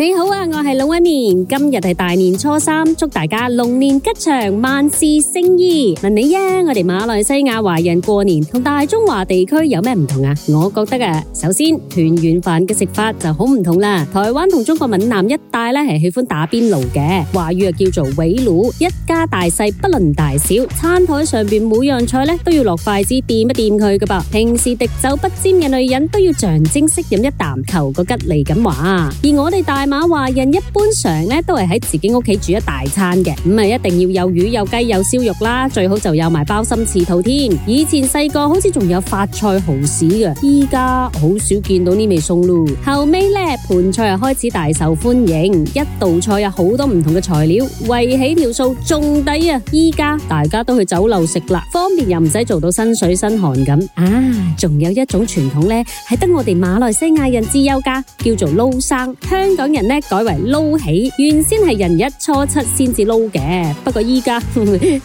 你好啊，我係龍一年，今日係大年初三，祝大家龍年吉祥，萬事勝意。問你啊，我哋馬來西亞華人過年同大中華地區有咩唔同啊？我覺得啊，首先團圓飯嘅食法就好唔同啦。台灣同中國閩南一帶咧係喜歡打邊爐嘅，華語啊叫做圍爐，一家大細不論大小，餐台上邊每樣菜咧都要落筷子掂一掂佢噶噃。平時滴酒不沾嘅女人都要象徵式飲一啖，求個吉利咁話。而我哋大馬華人一般常咧都係喺自己屋企煮一大餐嘅，唔係一定要有魚有雞有燒肉啦，最好就有埋包心翅肚添。以前細個好似仲有發菜蚝豉嘅，依家好少見到呢味餸咯。後尾咧盤菜又開始大受歡迎，一道菜有好多唔同嘅材料，圍起條數仲抵啊！依家大家都去酒樓食啦。今年又唔使做到身水身汗咁啊！仲有一種傳統呢，係得我哋馬來西亞人至有嘅，叫做撈生，香港人呢，改為撈起，原先係人一初七先至撈嘅，不過依家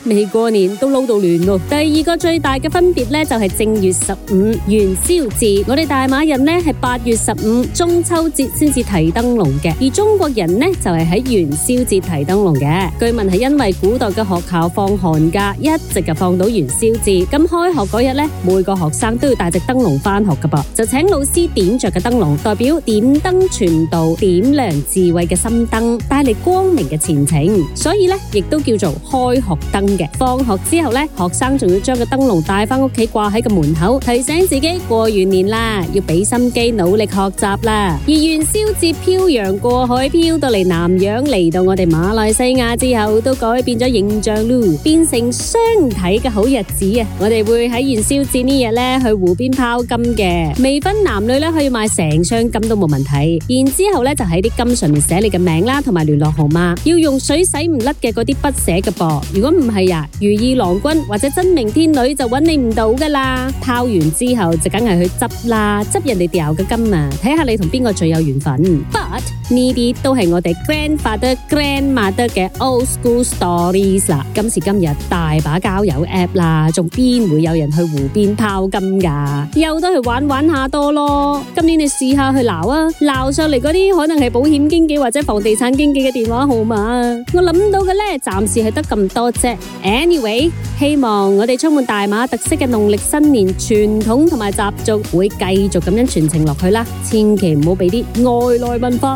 未過年都撈到亂咯。第二個最大嘅分別呢，就係、是、正月十五元宵節，我哋大馬人呢係八月十五中秋節先至提燈籠嘅，而中國人呢，就係、是、喺元宵節提燈籠嘅。據聞係因為古代嘅學校放寒假，一直就放到元。燒字咁開學嗰日呢，每個學生都要帶隻燈籠返學噶噃，就請老師點着嘅燈籠，代表點燈傳道，點亮智慧嘅心燈，帶嚟光明嘅前程。所以呢，亦都叫做開學燈嘅。放學之後呢，學生仲要將個燈籠帶翻屋企，掛喺個門口，提醒自己過完年啦，要俾心機努力學習啦。而元宵節漂洋過海漂到嚟南洋，嚟到我哋馬來西亞之後，都改變咗形象咯，變成雙體嘅好日紙我哋會喺元宵節呢日去湖邊拋金嘅，未婚男女可以買成箱金都冇問題。然之後咧就喺啲金上面寫你嘅名啦，同埋聯絡號碼，要用水洗唔甩嘅嗰啲筆寫嘅噃。如果唔係啊，如意郎君或者真命天女就搵你唔到噶啦。拋完之後就梗係去執啦，執人哋掉嘅金啊，睇下你同邊個最有緣分。But 呢啲都係我哋 grandfather、grandmother 嘅 old school stories 啦。今時今日大把交友 app 啦，仲邊會有人去湖邊拋金㗎？又都係玩玩下多咯。今年你試下去撈啊，撈上嚟嗰啲可能係保險經紀或者房地產經紀嘅電話號碼。我諗到嘅呢，暫時係得咁多啫。Anyway，希望我哋充滿大馬特色嘅農曆新年傳統同埋習俗會繼續咁樣傳承落去啦。千祈唔好俾啲外來文化。